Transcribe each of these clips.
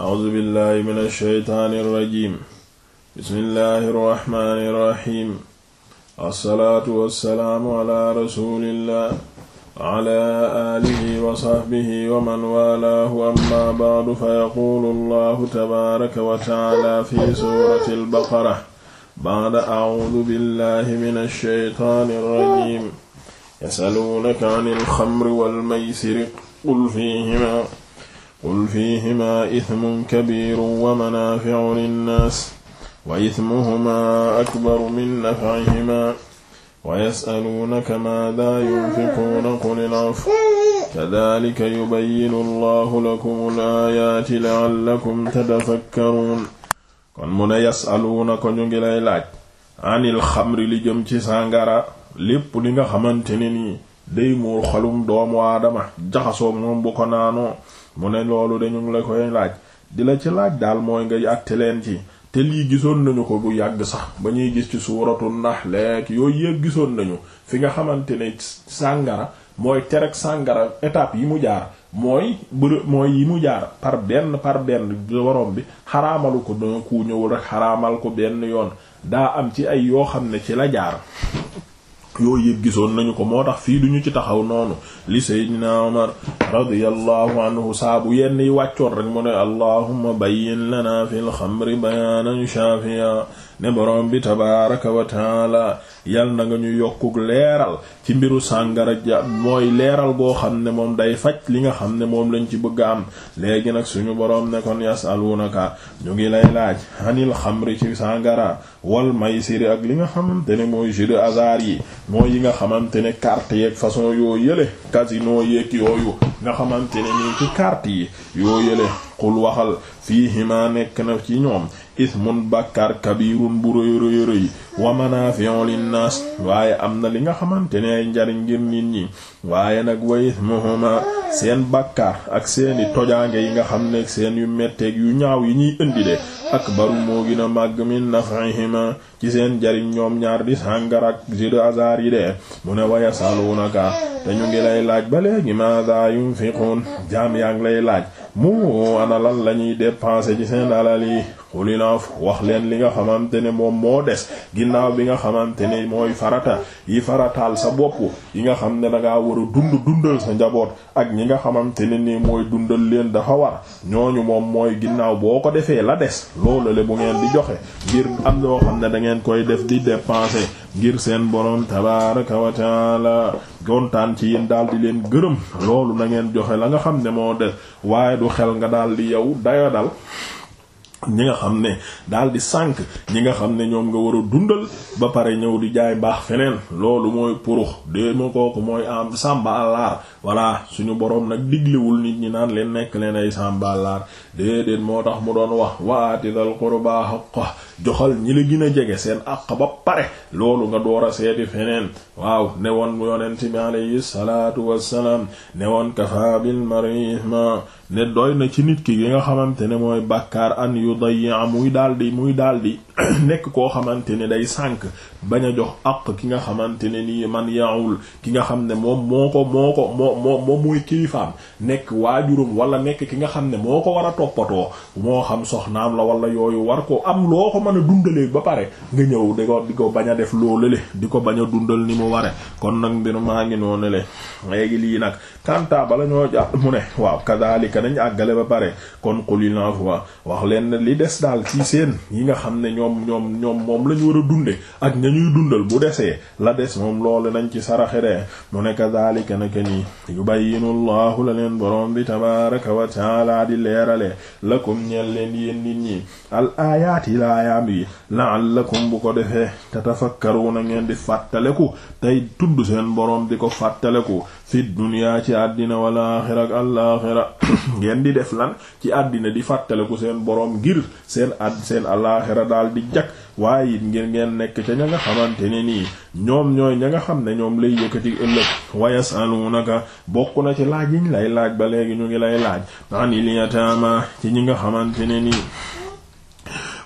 أعوذ بالله من الشيطان الرجيم بسم الله الرحمن الرحيم الصلاة والسلام على رسول الله وعلى آله وصحبه ومن والاه أما بعد فيقول الله تبارك وتعالى في سورة البقرة بعد أعوذ بالله من الشيطان الرجيم يسألونك عن الخمر والميسر قل فيهما qul fiihimaa ithmun kabiirun wa manaafi'u linnaas wa ithmuhumaa akbaru min naf'ihimaa wa yas'aluunaka maadaa yunfiquuna qulil 'afwa kadhalika yubayyinu allahu lakumul aayaati la'allakum tatafakkaruun kon mu ne yas'aluunaka ñu ngi lay laaj anil xamri li jëm ci sàngara lépp li nga xamante ne nii day muur xalum doomu aadama jaxasoo moom bu ko naanoo mu ne loolu de la koy laaj dina la ci laaj daal mooy ngay àtte leen ci te lii gisoon nañu ko bu yàgg sax ba ñuy gis ci suuratu naxleek yooyu yëpp gisoon nañu fi nga xamante ne sàngara mooy terek sàngara étape yi mu jaar mooy bërë mooy yi mu jaar par benn par benn borom bi xaraamalu ko danga ku ñëwul rek xaraamal ko benn yoon daa am ci ay yoo xam ne ci la jaar yooyu yëpp gisoon nañu ko moo tax fii duñu ci taxaw noonu li sayyidina Umar radiyallahu anhu saabu yenn yi wàccoon rek mu ne allahumma bayyin lana fil xamri bayaanan shaafiya ne borom bi tabaraka wa yal na nga ñu yokkuk leeral ci mbiru sàngara ja mooy leeral goo xam ne moom day faj li nga xam ne moom lañ ci bëgg am léegi nag suñu borom nekkoon kon yasalunaka ñu ngi lay laaj anil xamri ci sàngara wal maysiri ak li nga xamante ne mooy jeu de yi mooy yi nga xamante ne carte yeeg façon yoo yële casino yeeg yooyu nga xamante ne nii ci carte yi yoo yële xul waxal fiihima nekk na ci ñoom ismun bàkkaar kabirun bu rëy rëy rëy wa manaafi'u linnaas waaye am na li nga xamante ne ay njariñ ngir nit ñi waaye nag wa ismuhuma seen bàkkaar ak seeni tojaange yi nga xam ne seen yu metteeg yu ñaaw yi ñuy indi de akbaru moo gën a mi min naf'ihima ci seen njariñ ñoom ñaar di sàngar ak jeu de hasard kàccoor yi de mu ne wa yasaluunaka te ñu ngi lay laaj ba léegi maada yunfiqun jaam yaa ngi lay laaj mu ana lan la ñuy dépenser ci seen alal yi xulil wax leen li nga xamante ne moom moo des ginnaaw bi nga xamante ne mooy farata yi farataal sa bopp yi nga xam ne da ngaa war dund dundal sa njaboot ak ñi nga xamante ne nii mooy dundal leen dafa war ñooñu moom mooy ginnaaw boo ko defee la des loolu le bu ngeen di joxe ngir am loo xam ne da ngeen koy def di dépenser ngir seen borom tabaaraka wa gontaan ci yéen daal di leen gërëm loolu na ngeen joxe la nga xam ne moo des waaye du xel nga daal di yow daya dal ñi nga xam ne daal di sànq ñi nga xam ne ñoom nga war a dundal ba pare ñëw di jaay baax feneen loolu mooy purux mooy am sàmba àllaar voilà suñu boroom nag diglewul nit ñi naan leen nekk leen ay sàmba àllaar déedéet moo tax mu doon wax waati dal qurba haqqa joxal ñi la gën a jege seen àq ba pare loolu nga door a seeti feneen waaw ne woon yonent bi alayhi salaatu wassalaam ne woon kafa bil marihma ne doy na ci nit ki yi nga xamante ne mooy bàkkaar an yu dayya muy daldi muy daldi nekk koo xamante ne day sànk bañ a jox àq ki nga xamante ne nii man yaawul ki nga xam ne moom moo ko moo ko moo moo moom mooy kilifaam nekk waajurum wala nekk ki nga xam ne moo ko war a toppatoo moo xam soxnaam la wala yooyu war ko am loo ko mën a dundalee ba pare nga ñëw di ko di ko bañ a def loolu le di ko bañ a dundal ni mu ware kon nag mbir maa ngi noonu le léegi lii nag kanta bala ñoo jàpp mu ne waaw kadalika nañ àggale ba pare kon xulil afwa wax leen li des daal ci seen yi nga xam ne ñoom ñoom ñoom moom la ñu war a dunde ak ñañuy dundal bu desee la des moom loole nañ ci saraxeree mu ne kadalika naka nii yubayyinu llahu la leen boroom bi tabaraka wa taala di leerale lakum ñeel leen yéen nit ñi al ayaati laayaam yi la'allakum bu ko defee te tatafakkaruna ngeen di fàttaleku tey tudd seen borom di ko fàttaleku fi dunya ci àddina wala axira ak àlaxira ngeen di def lan ci àddina di fàttaliku seen boroom ngir seen àdd seen àlaxira daal di jag waaye it ngir ngeen nekk ca ña nga xamante ne nii ñoom ñooy ña nga xam ne ñoom lay yëkkati ëllëg wa yasalunaka bokk na ci laaj yiñ lay laaj ba léegi ñu ngi lay laaj anil yataama ci ñi nga xamante ne nii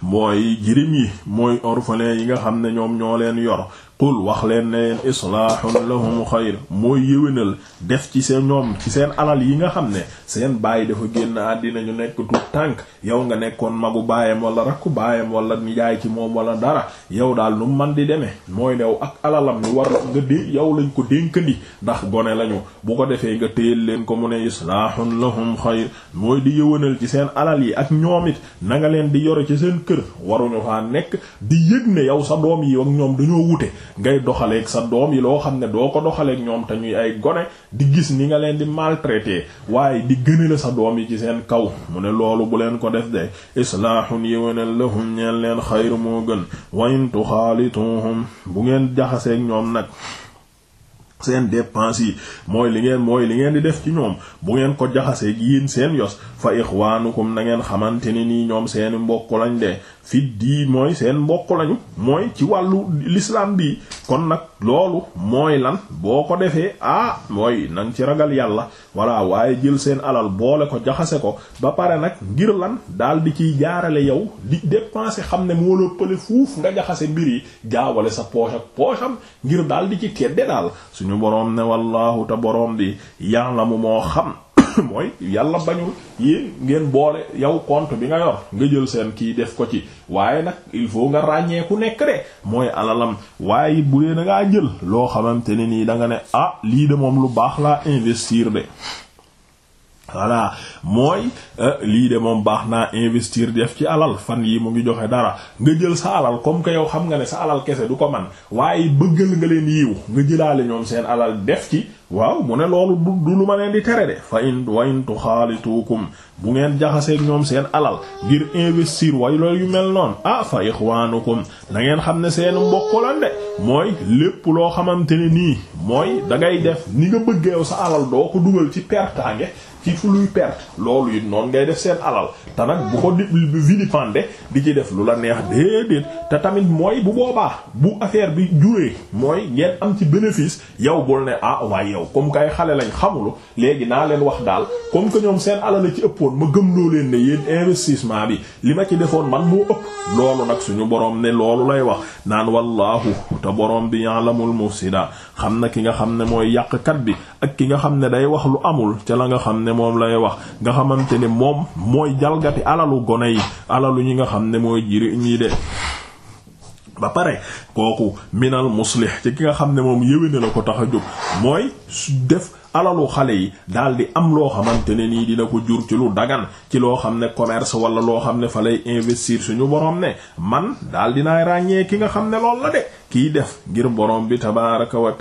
mooy jirim yi mooy orphelin yi nga xam ne ñoom ñoo leen yor qul wax leen ne leen islaahun lahum xayr mooy yéwénal def ci seen ñoom ci seen alal yi nga xam ne seen bàyyi dafa génn àddina ñu nekk tout tànk yow nga nekkoon magu baayam wala rakku baayam wala nijaay ci moom wala dara yow daal nu man di demee mooy dew ak alalam ñu war nga dé yow lañ ko dénkandi ndax gone lañu bu ko defee nga téyel leen ko mu ne islaahun lahum xayr mooy di yéwénal ci seen alal yi ak ñoom it na nga leen di yore ci seen kër waruñu faa nekk di yëg yow sa doom ñoom dañoo wute ngay doxaleek sa doom yi loo xam ne doo ko doxaleek ñoom te ñuy ay gone di gis ni nga leen di maltraité waaye di gëne la sa doom yi ci seen kaw mu ne loolu bu leen ko def de islaahun yéwénal lahum ñeen leen xayru moo gën wa in bu ngeen jaxaseek ñoom nag seen dépense yi mooy li ngeen mooy li ngeen di def ci ñoom bu ngeen ko jaxaseek gi yéen seen yos fa ixwaanukum na ngeen xamante ne nii ñoom seeni mbokk lañ de fi di mooy seen mbokk lañu mooy ci wàllu l'islam bi kon nag loolu mooy lan boo ko defee ah mooy nang ci ragal yàlla voilà waaye jël seen alal boole ko jaxase ko ba pare nag ngir lan daal di ciy jaarale yow di dépenser xam ne moo la pële fuuf nga jaxase mbir yi jaawale sa poche ak poche ngir daal di ci kedde daal suñu boroom ne wallaahu te boroom bi ya'lamu moo xam mooy yàlla bañul yi ngeen boole yow compte bi nga yor nga jël seen kii def ko ci waaye nag il faut nga ràññeeku nekk de mooy alalam waaye it bu dee da ngaa jël loo xamante ne nii da nga ne ah lii de moom lu baax laa investir de voilà mooy euh, lii de moom baax naa investir def ci alal fan yi mu ngi joxe dara nga jël sa alal comme que yow xam nga ne sa alal kese du ko man waaye bëggal nga leen yiw nga jëlaale ñoom seen alal def ci waaw mu ne loolu du lu ma leen di tere de fa in wa in bu ngeen jaxaseeg ñoom seen alal ngir investir way loolu yu mel noonu ah fa ixwaanukum na ngeen xam ne seenu mbokk lan de mooy lépp loo xamante ni nii mooy dangay def ni nga bëggee sa alal doo dugal ci pertaange ci fu luy perte loolu it noonu ngay def seen alal te nag bu ko di vilipender di ci def lu la neex déedéet te tamit mooy bu boobaa bu affaire bi juree mooy ngeen am ci bénéfice yow bul ne ah waaye yow comme kay xale lañ xamulu léegi naa leen wax daal comme que ñoom seen alal la ci ëppoon ma gëm loo leen ne yéen investissement bi li ma ci defoon man moo ëpp loolu nag suñu boroom ne loolu lay wax naan wallaahu te boroom bi ya'lamul mufsida xam na ki nga xam ne mooy yàqkat bi ak ki nga xam ne day wax lu amul moom lay wax nga xamante ne moom mooy jalgati alalu gone yi alalu ñi nga xam ne mooy jiri ñi de ba pare kooku minal muslih ci ki nga xam ne moom yéwéne la ko tax a jóg mooy su def alalu xale yi daal di am loo xamante ne nii dina ko jur ci lu dagan ci loo xam ne commerce wala loo xam ne fa lay investir suñu borom ne man daal dinaay ràññee ki nga xam ne lool la de kiy def ngir borom bi tabaraka wa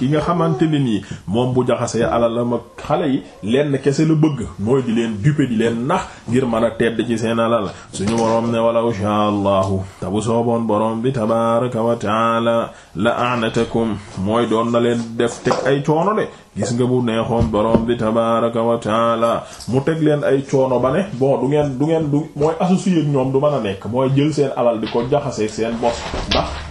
ki nga xamante ne nii moom bu jaxasee alalam ak xale yi lenn kese lu bëgg mooy di leen dupe di leen nax ngir mën a tedd ci seen alal suñu borom ne walaw shaa allahu te bu sooboon boroom bi tabaraka wa taala la anatakum mooy doon na leen def teg ay coono de gis nga bu neexoon borom bi tabaraka wa taala mu teg leen ay coono ba ne bon du ngeen du ngeen du mooy associé ak ñoom du mën a nekk mooy jël seen alal di ko jaxasee seen bos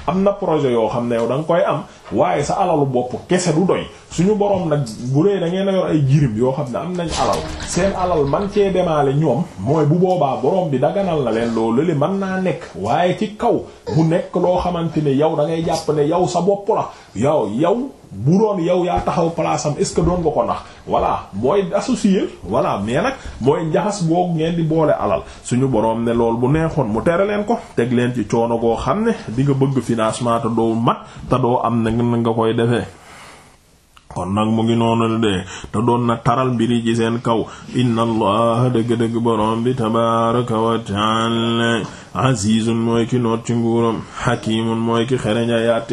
am na projet yoo xam ne yow da koy am waaye sa alalu bopp kese du doy suñu borom nag bu dee dangeen ngeen a ay jirim yoo xam ne am nañ alal seen alal man cee demaale ñoom mooy bu boobaa boroom bi daganal na leen loolu li man naa nekk waaye ci kaw mu nekk loo xamante ne yow da ngay jàpp ne yow sa bopp la yow yow bu doon yow yaa taxaw place am est-ce que doon nga ko nax voilà mooy associé voilà mais nag mooy njaxas googu ngeen di boole alal suñu borom ne lool bu neexoon mu tere leen ko teg leen ci coono goo xam ne di nga bëgg financement te doo mat te doo am na nga koy defee. kon nag mu ngi noonu de te doon na taral mbiri ci seen kaw inna allaha dëgg-dëgg borom bi tabaraka wa taala azizun mooy ki noot ci nguuram hakimun mooy ki xereñ a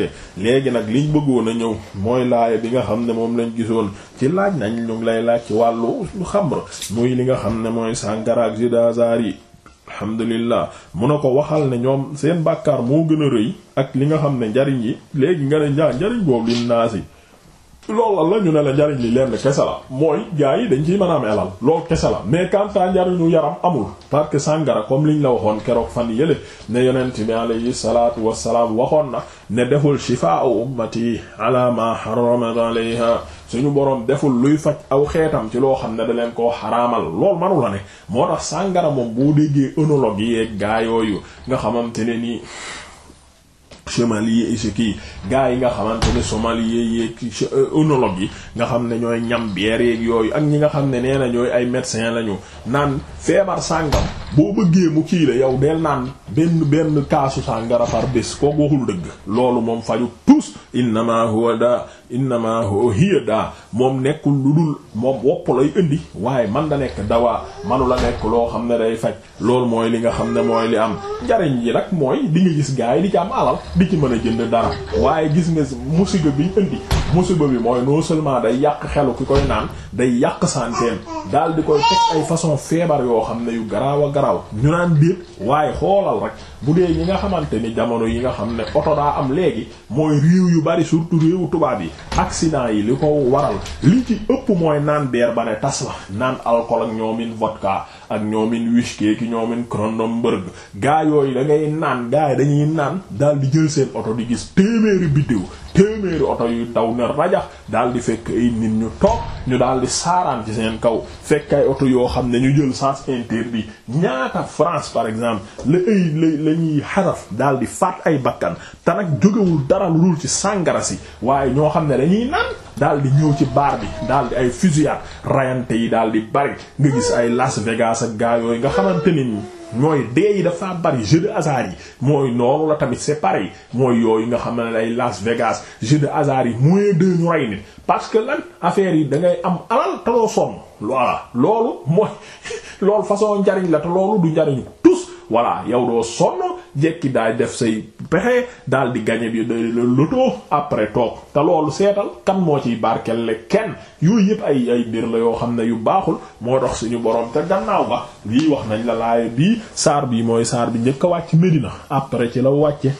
léegi nag liñ bëggoon a ñëw mooy laaya bi nga xam ne moom lañ gisoon ci laaj nañ ñu ngi lay laaj ci wàllu xamr muy li nga xam ne mooy sàngara ak zidazar yi alhamdulillah mu na ko waxal ne ñoom seen bàkkaar moo gën a rëy ak li nga xam ne njariñ yi léegi nga ne njaa njariñ boobu lin loolu la ñu ne la njariñ li lenn kese la mooy gars yi dañ ciy mën a am alal loolu kese la mais quant à njariñu yaram amul parce que sàngara comme liñ la waxoon keroog fan yële ne yonent bi alayhi salaatu wassalaam waxoon na ne deful shifaa ummati ala ma haramat suñu borom deful luy faj aw xeetam ci loo xam ne da leen koo xaraamal loolu manu la ne moo tax sàngara moom boo déggee œnologue yi ak gaa yooyu nga xamante ne nii sommelier et ce qui yi nga xamante ne sommelier yeeg euh, œnologue yi nga xam ne ñooy ñam bière yeeg yooyu ak ñi nga xam ne nee na ñooy ay médecin lañu naan feebar sàngam boo bëggee mu kii la yow del naan benn benn kaasu sàngara par bés kooku waxul dëgg loolu moom faju tous innama huwa da innama huwa da moom nekkul lu dul moom wopp lay indi waaye man nga nekk dawaa manu nekk loo xam ne day faj loolu mooy li nga xam ne mooy li am jariñ yi nag mooy di gis gaay yi di ci am alal di ci mën a jënd dara waaye gis nga musiga biñ indi musiba bi mooy non seulement day yàq xelu ki koy naan day yàq santeem daal di koy teg ay façon feebar yoo xam ne yu garaaw a garaaw ñu naan déet waaye xoolal rek bu dee ñi nga xamante ni jamono yi nga xam ne oto daa am léegi mooy réew yu bari surtout réewu tubaab yi accident yi li ko waral li ci ëpp mooy naan beer ba ne tas la naan alcool ak ñoomin vodka ak ñoomin whisky ki ñoomin Kronenbourg gaa yooyu da ngay naan gaa yi dañuy naan daal di jël seen oto di gis téeméeri téeméeri oto yu daw ne rajax daal di fekk ay nit ñu toog ñu daal di saaraan ci seen kaw fekk ay oto yoo xam ne ñu jël sens interdit ñaata France par exemple la ay la la ñuy xaraf daal di faat ay bakkan te nag jógewul dara lu dul ci sàngara si waaye ñoo xam ne dañuy naan daal di ñëw ci baar bi daal di ay fusillade rayante yi daal di bari nga gis ay Las Vegas ak gaa yooyu nga xamante ni. mooy dee yi dafa bari jeu de hasard yi mooy noonu la tamit c'est pareil mooy yooyu nga xam ne ay Las Vegas jeu de hasard yi moins de ñu rey nit parce que lan affaire yi dangay am alal te loo sonn voilà loolu mooy loolu façon njariñ la te loolu du njariñu tous voilà yow doo sonn. jekki daay def say pexe daal di gañe bi too après toog te loolu seetal kan moo ciy barkelle kenn yooyu yëpp ay ay mbir la yoo xam ne yu baaxul moo tax suñu borom te gannaaw ba lii wax nañ la laaya bii saar bii mooy saar bi njëkk a wàcc Medina après ci la wàcce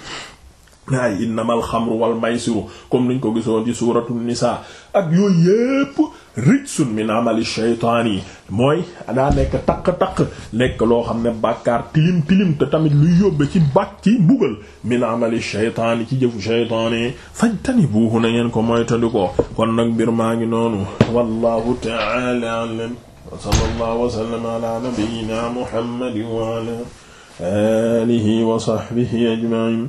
waaye innamal xamru wal maysiru comme niñ ko gisoon ci suuratu nisaa ak yooyu yépp rijsun min amali shaytaan yi mooy daa nekk taq-taq nekk loo xam ne bàkkaar tilim tilim te tamit luy yóbbe ci bàkk ci mbugal min amali shaytaan yi ci jëfu shaytaan yi fajtanibuuhu na ngeen ko moytandi ko kon nag mbir maa ngi noonu wallahu ta'ala a'lam wa sallallahu wa sallama ala nabiyyina muhammadin wa ala alihi wa sahbihi ajma'in